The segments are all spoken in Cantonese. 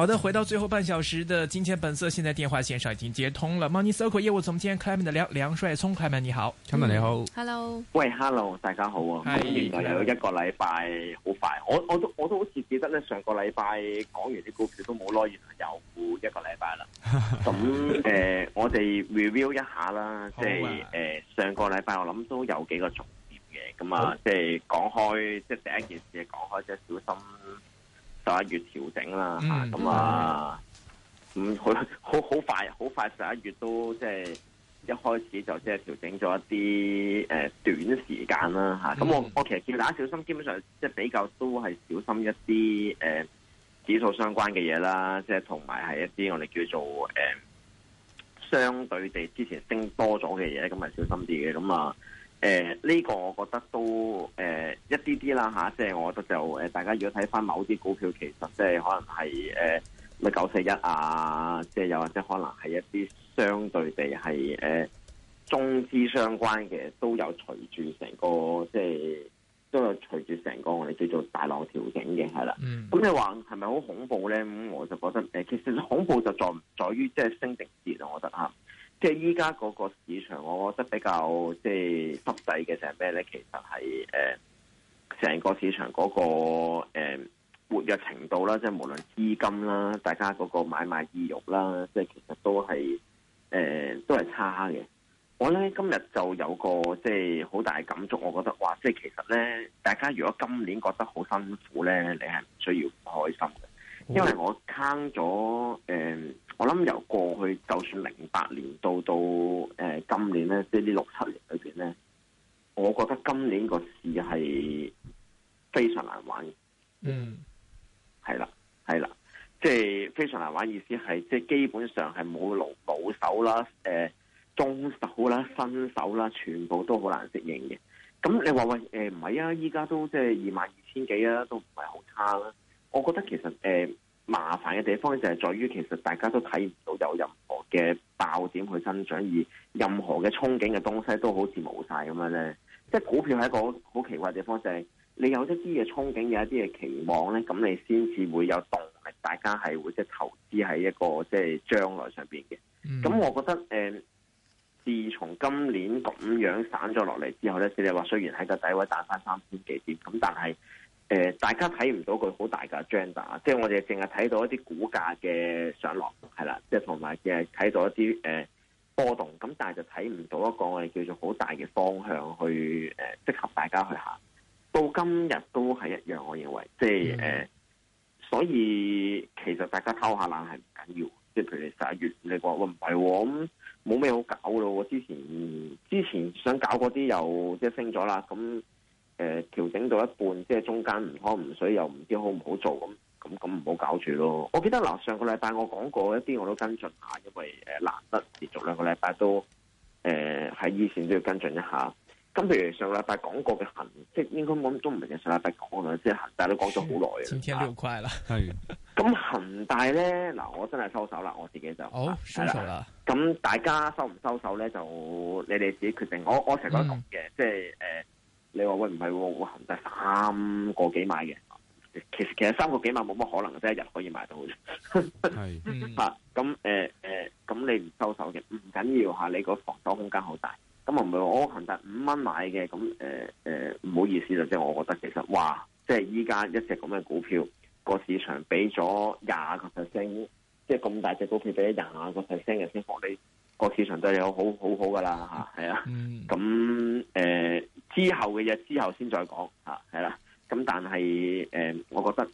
好的，回到最後半小時的金錢本色，現在電話線上已經接通了。Money Circle 業務總監 Clement 的梁梁帥聰 Clement 你好 Clement 你好，Hello，喂，Hello，大家好啊。係，原來有一個禮拜，好快，我我都我都好似記得咧，上個禮拜講完啲股票都冇咯，原來又一個禮拜啦。咁誒、 嗯呃，我哋 review 一下啦， 即係誒、呃、上個禮拜我諗都有幾個重點嘅，咁啊，oh. 即係講開，即係第一件事講開，即係小心。十一月調整啦，咁、嗯、啊，咁好好好快，好快十一月都即係一開始就即係調整咗一啲誒、呃、短時間啦，嚇、啊！咁、嗯、我我其實見大家小心，基本上即係比較都係小心一啲誒、呃、指數相關嘅嘢啦，即係同埋係一啲我哋叫做誒、呃、相對地之前升多咗嘅嘢，咁、就、咪、是、小心啲嘅，咁、嗯、啊。誒，呢、呃這個我覺得都誒、呃、一啲啲啦吓，即、啊、係、就是、我覺得就誒、呃，大家如果睇翻某啲股票，其實即係可能係誒，咪九四一啊，即係又或者可能係一啲相對地係誒、呃，中資相關嘅都有隨住成個即係、就是、都有隨住成個我哋叫做大浪調整嘅係啦。咁你話係咪好恐怖咧？咁我就覺得誒、呃，其實恐怖就在在於即係升定跌啊，我覺得吓。啊即係依家嗰個市場，我覺得比較即係濕滯嘅，就係咩咧？其實係誒，成、呃、個市場嗰、那個、呃、活躍程度啦，即係無論資金啦，大家嗰個買賣意欲啦，即係其實都係誒、呃、都係差嘅。我咧今日就有個即係好大嘅感觸，我覺得話，即係其實咧，大家如果今年覺得好辛苦咧，你係唔需要唔開心嘅，因為我坑咗誒。我諗由過去就算零八年到到誒、呃、今年咧，即係呢六七年裏邊咧，我覺得今年個市係非常難玩。嗯，係啦，係啦，即係非常難玩。意思係即係基本上係冇老老手啦、誒、呃、中手啦、新手啦，全部都好難適應嘅。咁你話喂誒唔係啊？依、呃、家都即係二萬二千幾啊，都唔係好差啦。我覺得其實誒。呃麻煩嘅地方就係在於，其實大家都睇唔到有任何嘅爆點去增長，而任何嘅憧憬嘅東西都好似冇晒。咁樣咧。即係股票係一個好奇怪嘅地方，就係、是、你有一啲嘅憧憬，有一啲嘅期望咧，咁你先至會有動力，大家係會即係投資喺一個即係將來上邊嘅。咁、嗯、我覺得誒、呃，自從今年咁樣散咗落嚟之後咧，即係話雖然喺個底位打翻三千幾點，咁但係。誒、呃，大家睇唔到佢好大嘅 agenda，即係我哋淨係睇到一啲股價嘅上落，係啦，即係同埋淨係睇到一啲誒、呃、波動，咁但係就睇唔到一個我哋叫做好大嘅方向去誒適合大家去行。到今日都係一樣，我認為，即係，誒、呃，所以其實大家偷下懶係唔緊要。即係譬如十一月你話喂唔係，咁冇咩好搞咯。之前之前想搞嗰啲又即係升咗啦，咁、嗯。誒，調整到一半，即、就、係、是、中間唔湯唔水，又唔知好唔好做，咁咁咁唔好搞住咯。我記得嗱、呃，上個禮拜我講過一啲，我都跟進下，因為誒、呃、難得連續兩個禮拜都誒喺依線都要跟進一下。咁譬如上個禮拜講過嘅恆，即係應該都唔係上個禮拜講啊，即係恒大都講咗好耐嘅。快啦，係。咁恒、 嗯、大咧嗱、呃，我真係收手啦，我自己就係啦。咁大家收唔收手咧？就你哋自己決定。我我成日講嘅、這個，即係誒。你話喂唔係、啊、我行得三個幾萬嘅，其實其實三個幾萬冇乜可能即係一日可以買到啫。係 嚇、嗯，咁誒誒，咁、呃呃、你唔收手嘅唔緊要嚇，你個防守空間好大。咁啊唔係我行得五蚊買嘅，咁誒誒唔好意思就即係我覺得其實嘩即係依家一隻咁嘅股票個市場俾咗廿個 percent，即係咁大隻股票俾咗廿個 percent 嘅先放，你個市場就有好，好好好噶啦吓，係啊，咁誒、嗯。之後嘅嘢之後先再講吓，係、啊、啦。咁但係誒、呃，我覺得誒、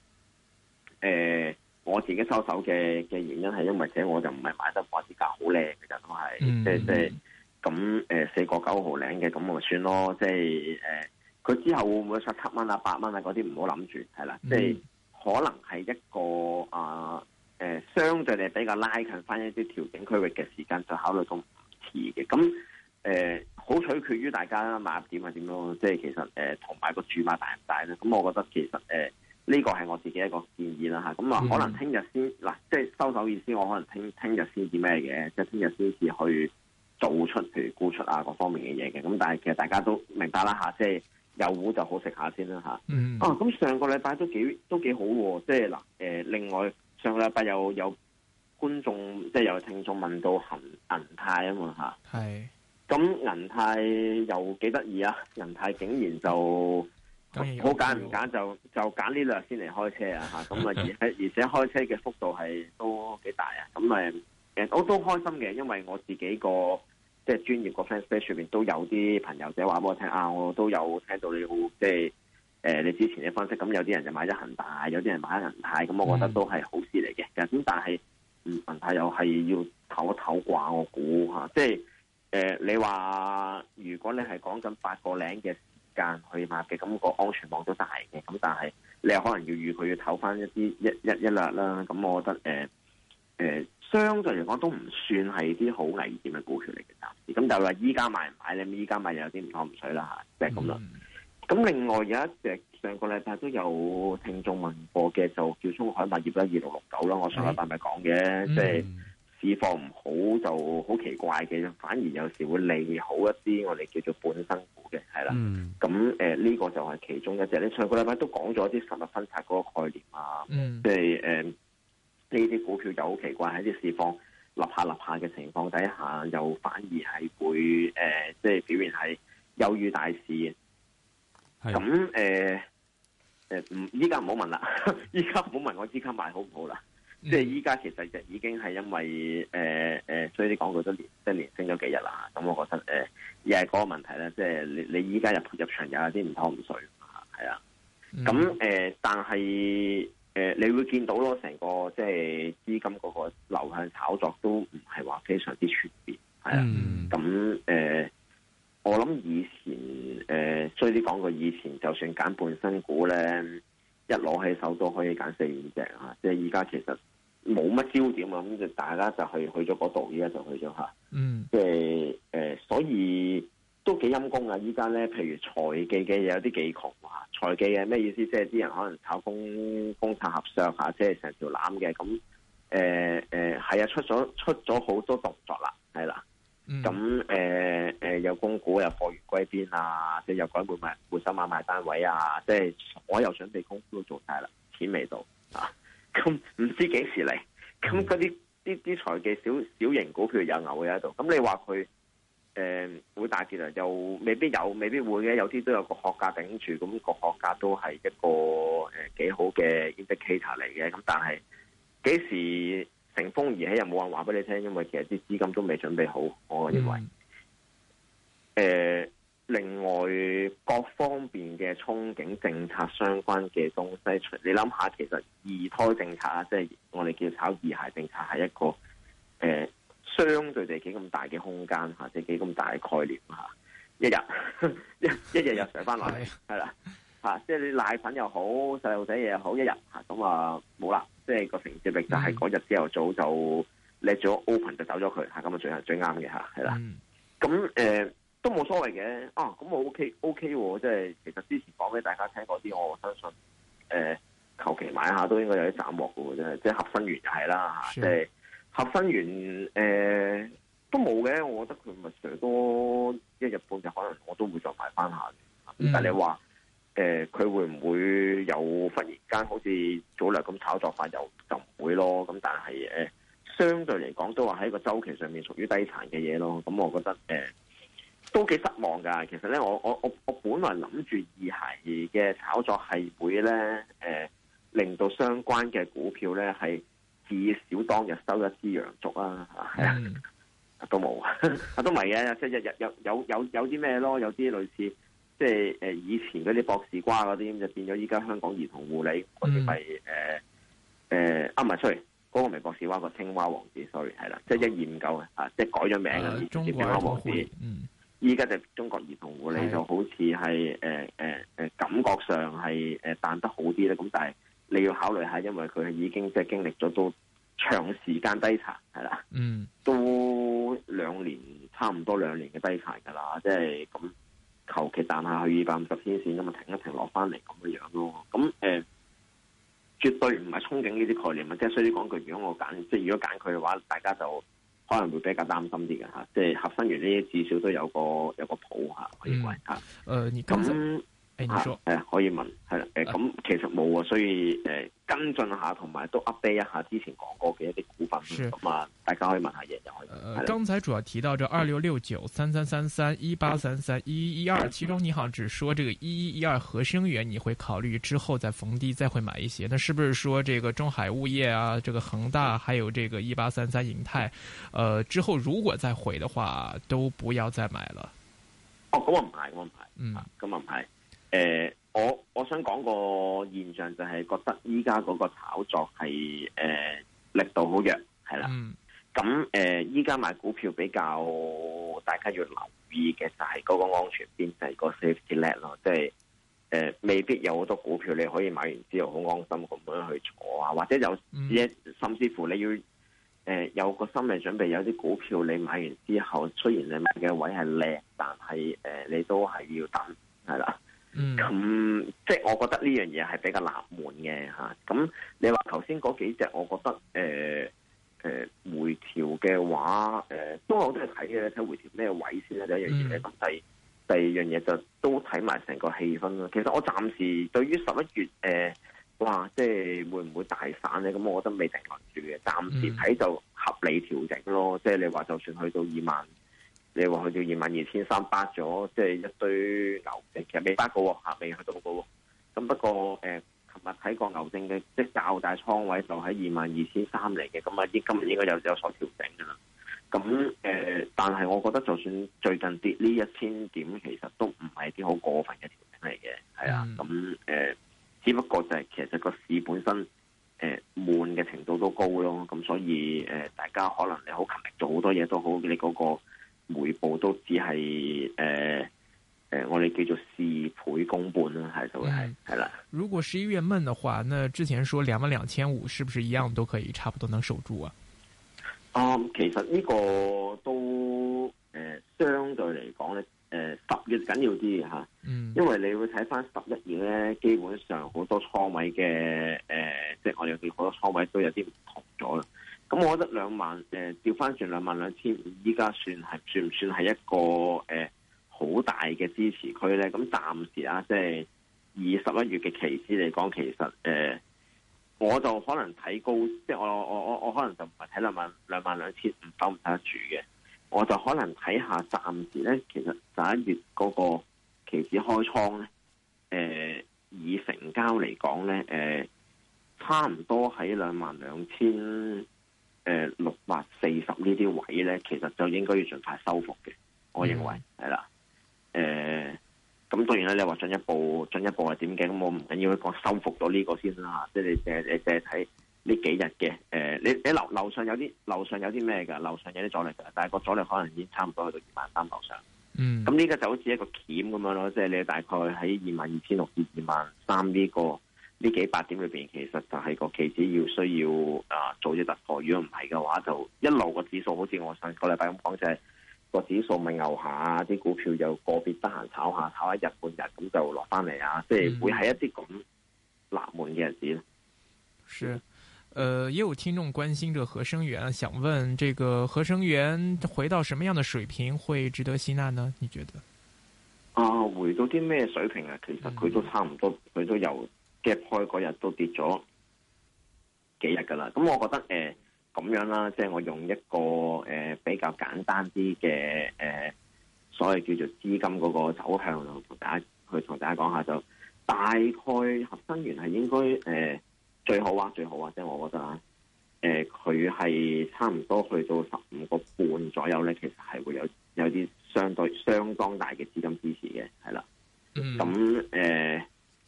呃，我自己收手嘅嘅原因係，因為者我就唔係買得波市價好靚嘅，就都係、嗯、即係即係咁誒，四個九毫零嘅，咁我算咯。即係誒，佢、呃、之後會唔會十七蚊啊、八蚊啊嗰啲唔好諗住，係啦。嗯、即係可能係一個啊誒、呃，相對嚟比較拉近翻一啲調整區域嘅時間，就考慮咁遲嘅。咁、嗯、誒。呃呃好取決於大家買點係點咯，即係其實誒同埋個注碼大唔大咧？咁、嗯、我覺得其實誒呢個係我自己一個建議啦嚇。咁啊，可能聽日先嗱，即係收手意思，我可能聽聽日先至咩嘅，即係聽日先至去做出譬如沽出啊各方面嘅嘢嘅。咁但係其實大家都明白啦嚇，即係有糊就好食下先啦嚇。嗯。啊，咁、啊嗯啊、上個禮拜都幾都幾好喎、啊，即係嗱誒，另外上個禮拜有有、有觀眾即係有聽眾問到銀銀泰啊嘛嚇。係。咁銀泰又幾得意啊！銀泰竟然就好揀唔揀就就揀呢兩日先嚟開車啊！吓咁 啊，而且開車嘅幅度係都幾大啊！咁、嗯、誒，誒我都開心嘅，嗯嗯、因為我自己個即係專業個 fans page 上面都有啲朋友仔即係話俾我聽啊，我都有聽到你好。即係誒、呃、你之前嘅分析。咁有啲人就買咗恒大，有啲人買咗銀泰。咁我覺得都係好事嚟嘅。咁但係銀泰又係要唞一唞啩，我估吓即係。嗯嗯嗯嗯嗯嗯嗯誒、呃，你話如果你係講緊八個零嘅時間去買嘅，咁、那個安全網都大嘅。咁但係你又可能要預佢要唞翻一啲一一一粒啦。咁、嗯、我覺得誒誒、呃呃，相對嚟講都唔算係啲好危險嘅股票嚟嘅。咁但係話依家買唔買咧？依家買又有啲唔湯唔水啦吓，就係咁啦。咁、嗯、另外有一隻上個禮拜都有聽眾問過嘅，就叫中海物業啦，二六六九啦。69, 我上個禮拜咪講嘅，即係。市況唔好就好奇怪嘅，反而有時會利好一啲我哋叫做半新股嘅，係啦。咁誒呢個就係其中一隻。你上個禮拜都講咗啲實物分拆嗰個概念啊，即係誒呢啲股票就好奇怪喺啲市況立下立下嘅情況底下，又反而係會誒即係表現係優於大市。咁誒誒唔依家唔好問啦，依家唔好問我依家買好唔好啦。即係依家其實就已經係因為誒誒，所以啲港股都連即係連升咗幾日啦。咁我覺得誒，又係嗰個問題咧。即係你你依家入入場有一啲唔妥唔順啊，係啊。咁誒、呃，但係誒、呃，你會見到咯，成個即係資金嗰個流向炒作都唔係話非常之全面，係啊。咁誒、嗯呃，我諗以前誒，所以啲講過以前就算揀半新股咧，一攞起手都可以揀四五隻啊。即係依家其實。冇乜焦點啊，咁就大家就係去咗嗰度，依家就去咗嚇。嗯，即係誒，所以都幾陰功啊！依家咧，譬如財技嘅嘢有啲幾窮啊。財技嘅咩意思？即係啲人可能炒工、工殺合殺嚇，即係成條纜嘅。咁誒誒，係、呃呃、啊，出咗出咗好多動作啦，係啦、啊。咁誒誒，有供股又貨源歸邊啊，有買買買啊，即係又改換賣換手賣賣單位啊，即係所有準備功夫都做晒啦，錢未到啊！唔、嗯、知幾時嚟，咁嗰啲啲啲財嘅小小型股票有牛嘅喺度，咁你話佢誒會大跌啊？又未必有，未必會嘅，有啲都有個學價頂住，咁，個學價都係一個誒、呃、幾好嘅 indicator 嚟嘅，咁但係幾時乘風而起又冇人話俾你聽，因為其實啲資金都未準備好，我認為誒。嗯呃另外各方面嘅憧憬政策相關嘅東西，你諗下，其實二胎政策啊，即係我哋叫炒二孩政策，係一個誒、呃、相對地幾咁大嘅空間吓， 即幾咁大嘅概念吓，一日一一日又上返落嚟，係啦吓，即係你奶粉又好，細路仔嘢又好，一日吓咁啊冇啦，即係個承接力就係嗰日朝頭早就 lift 咗 open 就走咗佢吓，咁啊最係最啱嘅吓係啦，咁誒。都冇所謂嘅，啊，咁我 OK OK 喎，即係其實之前講俾大家聽嗰啲，我相信誒，求、呃、其買下都應該有啲斬獲噶啫，即係合生元就係啦，即係的合生元誒都冇嘅，我覺得佢咪最多一日半日，可能我都會再買翻下。嗯、但係你話誒，佢、呃、會唔會有忽然間好似早兩咁炒作法，又就唔會咯。咁但係誒、呃，相對嚟講都話喺個周期上面屬於低殘嘅嘢咯。咁、嗯、我覺得誒。呃都幾失望㗎！其實咧，我我我我本來諗住二孩嘅炒作係會咧，誒、呃、令到相關嘅股票咧係至少當日收一支陽燭啊！嚇、mm，hmm. 啊，都冇啊，都唔係嘅，即係日日有有有有啲咩咯，有啲類似即係誒以前嗰啲博士瓜嗰啲，就變咗依家香港兒童護理，或者係誒啊唔係 sorry，嗰個唔係博士瓜，嗰個青蛙王子 sorry 係啦，即、就、係、是、一二五九、oh. 啊，即係改咗名嘅青蛙王子。嗯依家就中國兒童護理就好似係誒誒誒感覺上係誒、呃、彈得好啲咧，咁但係你要考慮下，因為佢已經即係經歷咗都長時間低殘係啦，嗯，都兩年差唔多兩年嘅低殘㗎啦，即係咁求其彈下去二百五十天線咁啊，停一停落翻嚟咁嘅樣咯，咁誒、呃、絕對唔係憧憬呢啲概念，即係所以講句，如果我揀即係如果揀佢嘅話，大家就。可能會比較擔心啲嘅吓，即係合生元呢，至少都有個有個譜嚇、啊，可以講嚇。誒、嗯，咁、呃。係，係、哎啊、可以問，係啦，誒、呃，咁、嗯、其實冇啊，所以誒、呃、跟進下，同埋都 update 一下之前講過嘅一啲股份，咁的啊，大家可以問下嘢。就可以。剛的才主要提到這二六六九、三三三三、一八三三、一一一二，其中你好像只說這個一一一二合生元，你會考慮之後再逢低再會買一些，那是不是說這個中海物業啊，這個恒大，還有這個一八三三銀泰，誒、呃，之後如果再回的話，都不要再買了？嗯、哦，咁我唔買，咁我唔買，嗯，咁唔買。誒、呃，我我想講個現象就係覺得依家嗰個炒作係誒、呃、力度好弱，係啦。咁誒、mm. 嗯，依家買股票比較大家要留意嘅就係嗰個安全邊，就係、是、個 safety net 咯，即係誒未必有好多股票你可以買完之後好安心咁樣去坐啊，或者有、mm. 甚至乎你要誒、呃、有個心理準備，有啲股票你買完之後，雖然你買嘅位係靚，但係誒、呃、你都係要等，係啦。咁、嗯嗯、即係我覺得呢樣嘢係比較冷門嘅吓，咁你話頭先嗰幾隻，我覺得誒誒、啊呃呃、回調嘅話，誒、呃、都我都係睇嘅，睇回調咩位先咧，第一樣嘢、嗯，第第二樣嘢就都睇埋成個氣氛啦。其實我暫時對於十一月誒、呃，哇，即係會唔會大反咧？咁我覺得未定住嘅，暫時睇就合理調整咯。即係你話就算去到二萬。你話去到二萬二千三百咗，即係一堆牛證，其實未翻個下，嚇未去到個喎。咁不過誒，琴日睇過牛證嘅，即係較大，大倉位就喺二萬二千三嚟嘅。咁啊，依今日應該有有所調整㗎啦。咁誒、呃，但係我覺得就算最近跌呢一千點，其實都唔係啲好過分嘅調整嚟嘅，係啊、嗯。咁誒、呃，只不過就係其實個市本身誒、呃、悶嘅程度都高咯。咁所以誒、呃，大家可能你好勤力做好多嘢都好，你嗰、嗰個。每步都只係誒誒，我哋叫做事倍功半啦，係就係係啦。如果十一月悶嘅話，那之前說兩萬兩千五，是不是一樣都可以差不多能守住啊？嗯，其實呢個都誒、呃、相對嚟講咧，誒、呃、十月緊要啲吓、啊，因為你會睇翻十一月咧，基本上好多倉位嘅誒，即係我哋好多倉位都有啲唔同咗啦。咁我覺得兩萬誒調翻轉兩萬兩千五，依家算係算唔算係一個誒好、呃、大嘅支持區咧？咁暫時啊，即係以十一月嘅期指嚟講，其實誒我就可能睇高，即係我我我我可能就唔係睇兩萬兩萬兩千五兜唔得住嘅，我就可能睇下暫時咧，其實十一月嗰個期指開倉咧，誒、呃、以成交嚟講咧，誒、呃、差唔多喺兩萬兩千。誒，六百四十呢啲位咧，其實就應該要盡快修復嘅，mm hmm. 我認為係啦。誒，咁、呃、當然啦，你話進一步進一步係點嘅，咁我唔緊要，我講修復到呢個先啦。即係你淨係睇呢幾日嘅，誒，你你、呃、你，你樓樓上有啲樓上有啲咩噶？樓上有啲阻力噶，但係個阻力可能已經差唔多去到二萬三樓上。嗯、mm，咁、hmm. 呢個就好似一個鉗咁樣咯，即係你大概喺二萬二千六至二萬三呢個。呢幾百點裏邊，其實就係個期指要需要啊、呃、做咗突破，如果唔係嘅話，就一路指個，個指數好似我上個禮拜咁講，就個指數咪牛下，啲股票又個別得閒炒下，炒一日半日咁就落翻嚟啊。嗯、即係會喺一啲咁冷門嘅日子。是，誒、呃，也有聽眾關心個合生元，想問這個合生元回到什麼樣嘅水平會值得吸納呢？你覺得？啊，回到啲咩水平啊？其實佢都差唔多，佢、嗯、都有。即開嗰日都跌咗幾日噶啦，咁我覺得誒咁樣啦，即係我用一個誒比較簡單啲嘅誒，所謂叫做資金嗰個走向，同大家去同大家講下就大概合生元係應該誒最好啊，最好啊，即係我覺得啊，誒佢係差唔多去到十五個半左右咧，其實係會有有啲相對相當大嘅資金支持嘅，係啦，咁誒。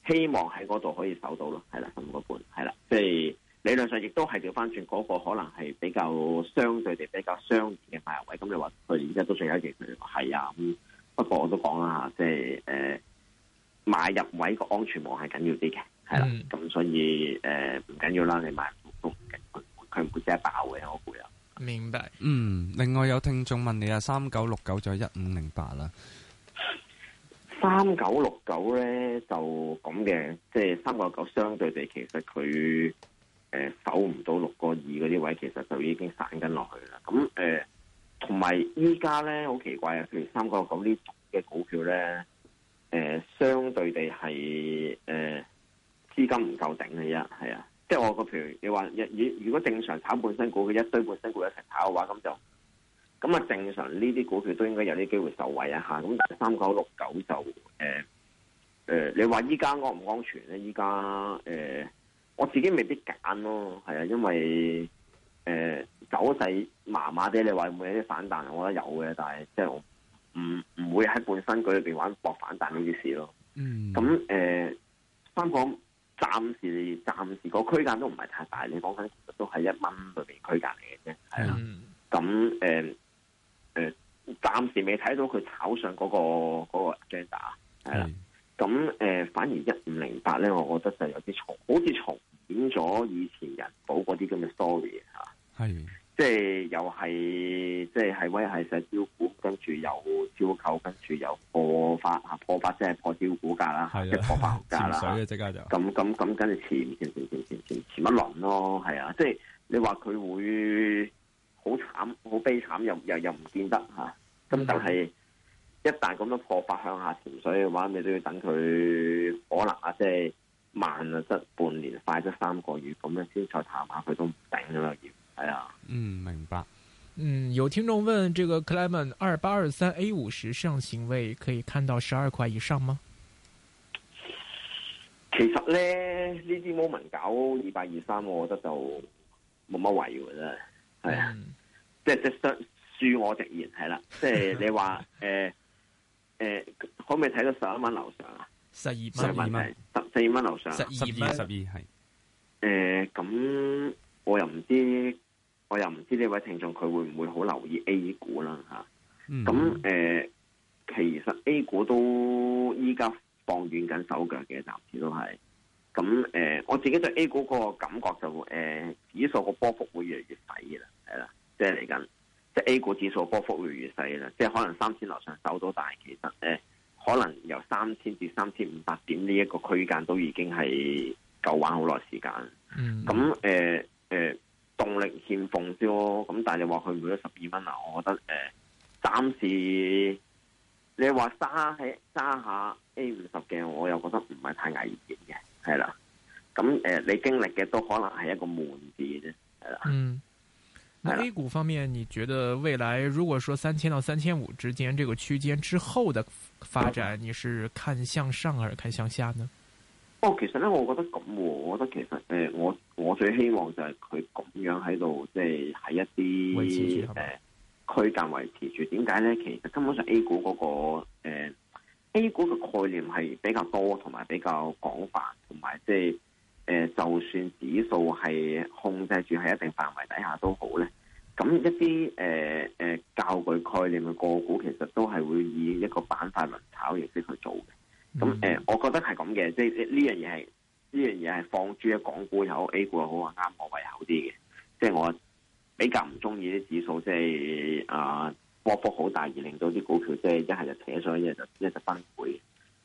希望喺嗰度可以守到咯，係啦，十五個半，係啦，即係理論上亦都係掉翻轉嗰個可能係比較相對地比較相近嘅買入位。咁你話佢而家都最有一期，係啊。咁不過我都講啦即係誒買入位個安全網係緊要啲嘅，係啦。咁、嗯、所以誒唔緊要啦，你買股都佢唔會即係爆嘅，我估又明白。嗯，另外有聽眾問你啊，三九六九就一五零八啦。三九六九咧就咁嘅，即係三個九相對地，其實佢誒、呃、守唔到六個二嗰啲位，其實就已經散緊落去啦。咁誒，同埋依家咧好奇怪啊，譬如三個九呢嘅股票咧，誒、呃、相對地係誒資金唔夠頂嘅，而家係啊，即係我個譬如你話，如如果正常炒半新股嘅一堆半新股一齊炒嘅話，咁就。咁啊，正常呢啲股票都應該有啲機會受惠一下。咁但係三九六九就誒誒、呃呃，你話依家安唔安全咧？依家誒，我自己未必揀咯，係啊，因為誒、呃、走勢麻麻哋。你話會唔會有啲反彈？我覺得有嘅，但係即係我唔唔會喺半新股裏邊玩搏反彈呢啲事咯。咁誒、嗯呃，三講暫時暫時個區間都唔係太大，你講緊都係一蚊裏邊區間嚟嘅啫，係啊。咁誒、嗯。暫時未睇到佢炒上嗰、那個嗰 agenda，係啦。咁、那、誒、個呃，反而一五零八咧，我覺得就有啲重，好似重演咗以前人保嗰啲咁嘅 story 嚇。係，即係又係，即係係威係寫招股，跟住又超購，跟住又破發嚇，破發即係破招、就是、股價啦，即係破發價啦。即刻就咁咁咁，跟住前前前前前前一輪咯，係啊，即係、就是、你話佢會。好慘，好悲慘，又又又唔見得吓，咁就係一旦咁樣破百向下潛水嘅話，你都要等佢可能啊，即係慢啊，得半年，快得三個月，咁樣先再探下佢都唔頂㗎喇要，係、哎、啊。嗯，明白。嗯，有聽眾問：這個 Clement 二八二三 A 五十上行位，可以看到十二塊以上嗎？其實咧，呢啲 moment 搞二八二三，我覺得就冇乜位喎，真係啊、嗯， 即係即係恕我直言，係啦，即係你話誒誒，可唔可以睇到十一蚊樓上啊？十二蚊，十二蚊，十四蚊樓上，十二，十二係。誒，咁我又唔知，我又唔知呢位聽眾佢會唔會好留意 A 股啦？吓、嗯，咁誒、呃，其實 A 股都依家放軟緊手腳嘅，暫時都係。咁誒、嗯呃，我自己對 A 股個感覺就誒、呃，指數個波幅會越嚟越細啦，係啦、就是，即係嚟緊，即係 A 股指數波幅會越細啦，即係可能三千樓上走到，但係其實誒、呃，可能由三千至三千五百點呢一個區間都已經係夠玩好耐時間。咁誒誒，動力欠奉啲咯，咁但係你話佢每一十二蚊啊，我覺得誒、呃，暫時你話揸喺揸下 A 五十嘅，我又覺得唔係太危險。你經歷嘅都可能係一個悶字。啫、嗯，係啦。嗯，A 股方面，你覺得未來如果說三千到三千五之間這個區間之後的發展，你是看向上而看向下呢？哦，其實咧，我覺得咁，我覺得其實誒、呃，我我最希望就係佢咁樣喺度，即係喺一啲誒區、呃、區間維持住。點解咧？其實根本上 A 股嗰、那個誒、呃、A 股嘅概念係比較多，同埋比較。啲誒誒教具概念嘅個股，其實都係會以一個板塊輪炒形式去做嘅。咁誒，呃、 我覺得係咁嘅，即係呢樣嘢係呢樣嘢係放諸一港股又好，A 股又好，啱我胃口啲嘅。即係我比較唔中意啲指數，即係啊波幅好大，而令到啲股票即係一係就扯上，一就一就崩潰。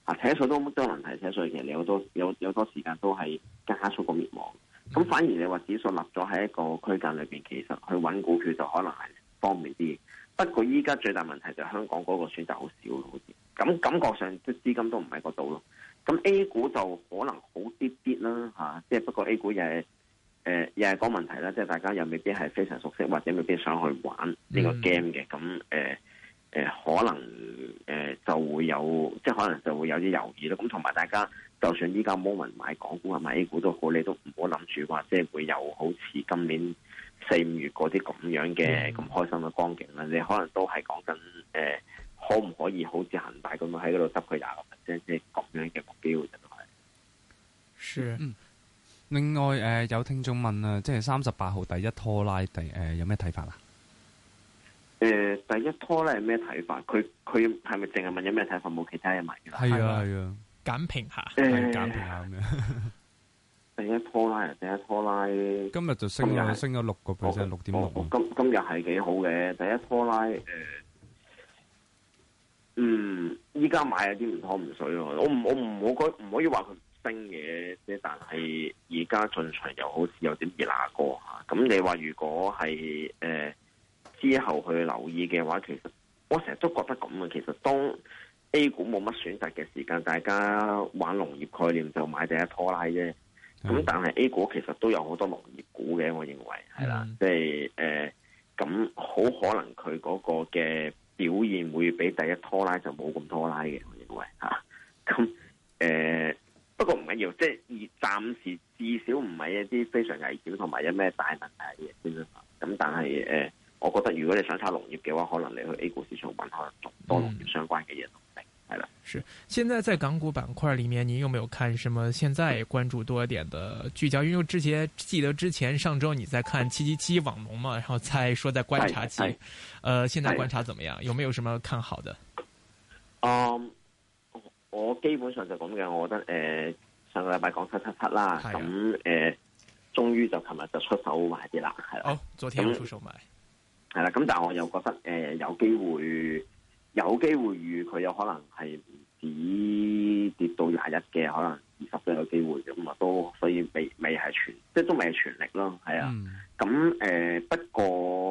啊，扯上、啊、都都冇問題，扯上去其實你好多有有多時間都係加速個滅亡。咁、嗯、反而你話指數立咗喺一個區間裏邊，其實去揾股票就可能係方便啲。不過依家最大問題就係香港嗰個選擇好少咯，好似咁感覺上即資金都唔喺嗰度咯。咁 A 股就可能好啲啲啦，嚇、啊！即不過 A 股又係誒又係個問題啦，即大家又未必係非常熟悉，或者未必想去玩呢個 game 嘅。咁誒誒可能。誒、呃，就會有即係可能就會有啲猶豫咯。咁同埋大家，就算依家摩紋買港股啊，買 A 股都好，你都唔好諗住話即係會有好似今年四五月嗰啲咁樣嘅咁開心嘅光景啦。你、嗯、可能都係講緊誒，可唔可以好似恒大咁樣喺嗰度執佢廿個 percent 即係咁樣嘅目標啫？係是。是、嗯嗯，另外誒、呃，有聽眾問啊，即係三十八號第一拖拉第誒、呃，有咩睇法啊？誒，第一拖拉係咩睇法？佢佢係咪淨係問有咩睇法，冇其他嘢問？係啊係啊，簡評下，簡評下咁樣。第一拖拉，第一拖拉，今日就升咗升咗六個 percent，六點六。今今日係幾好嘅，第一拖拉誒，嗯，依家買有啲唔湯唔水咯，我唔我唔可唔可以話佢唔升嘅，即但係而家進場又好似有點熱辣過吓。咁、嗯嗯、你話如果係誒？呃之後去留意嘅話，其實我成日都覺得咁嘅。其實當 A 股冇乜選擇嘅時間，大家玩農業概念就買第一拖拉啫。咁、嗯、但係 A 股其實都有好多農業股嘅，我認為係啦，即係誒咁好可能佢嗰個嘅表現會比第一拖拉就冇咁拖拉嘅，我認為吓。咁 誒、呃、不過唔緊要，即、就、係、是、暫時至少唔係一啲非常危險同埋有咩大問題嘅先啦。咁但係誒。呃我覺得如果你想炒農業嘅話，可能你去 A 股市場揾開多農業相關嘅嘢嚟。係啦。是，現在在港股板塊裡面，你有冇有看什麼？現在關注多一點的聚焦，因為之前記得之前上週你在看七七七網龍嘛，然後在說在觀察期。呃，現在觀察怎麼樣？有沒有什麼看好的？嗯，我基本上就咁嘅，我覺得誒、呃、上個禮拜講七七七啦，咁誒終於就琴日就出手買啲啦，係啦、 哦。昨天出手買。係啦，咁但係我又覺得，誒，有機會，有機會遇佢有可能係唔止跌到廿一嘅，可能二十都有機會咁啊，都所以未未係全，即係都未係全力咯，係啊，咁誒，不過。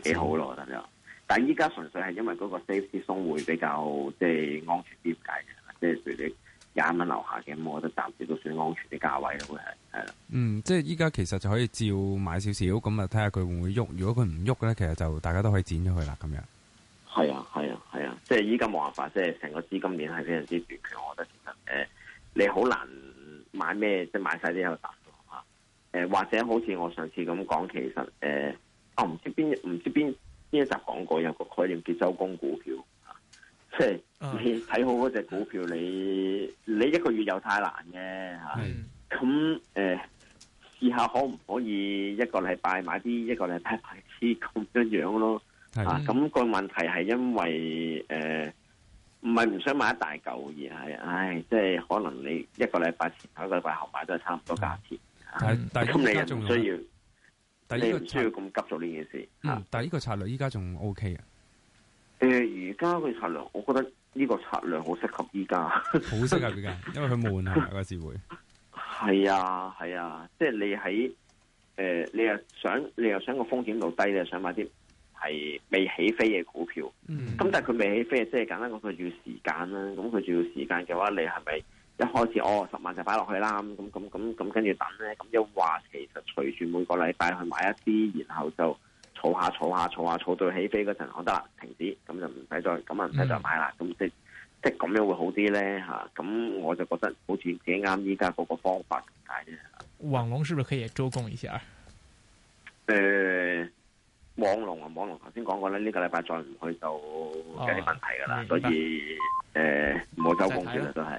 幾好咯咁樣，嗯、但係依家純粹係因為嗰個 safe zone 會比較即係、就是、安全啲解嘅，即係譬如你廿蚊樓下嘅，咁我覺得暫時都算安全啲價位咯，會係係啦。嗯，即係依家其實就可以照買少少，咁啊睇下佢會唔會喐。如果佢唔喐咧，其實就大家都可以剪咗佢啦。咁樣。係啊，係啊，係啊，啊，即係依家冇辦法，即係成個資金鏈係非常之短缺。我覺得其實，誒、呃，你好難買咩，即係買晒啲喺度嘅吓。誒、啊呃，或者好似我上次咁講，其實誒。呃我唔知邊唔知邊邊一集講過有個概念叫周供股票，吓，即係你睇好嗰隻股票，你你一個月又太難嘅吓，咁誒試下可唔可以一個禮拜買啲一個禮拜買啲，咁樣咯，啊，咁個問題係因為誒唔係唔想買一大嚿而係，唉，即係可能你一個禮拜前一個禮拜後買都係差唔多價錢，但係今你又唔需要。你唔需要咁急做呢件事，但係呢個策略依家仲 O K 啊？誒、呃，而家嘅策略，我覺得呢個策略好適合依家，好適合依家， 因為佢悶啊個市會。係 啊，係啊，即係你喺誒、呃，你又想，你又想個風險度低，你又想買啲係未起飛嘅股票。咁、嗯、但係佢未起飛，即係簡單講，佢要時間啦。咁佢仲要時間嘅話，你係咪？一開始哦，十萬就擺落去啦，咁咁咁咁，跟、嗯、住等咧，咁一話其實隨住每個禮拜去買一啲，然後就儲下儲下儲下，下，下，儲到起飛嗰陣，我、哦、得喇停止，咁、嗯嗯、就唔使再，咁啊唔使再買啦，咁即即係咁樣會好啲咧嚇。咁、啊、我就覺得好似幾啱依家嗰個方法咁解啫。網、啊、龍係唔係可以周供一下？誒、呃，網龍啊，網龍頭先講過啦，呢個禮拜再唔去就有啲問題噶啦，所、哦、以誒唔好周供住啦，都係。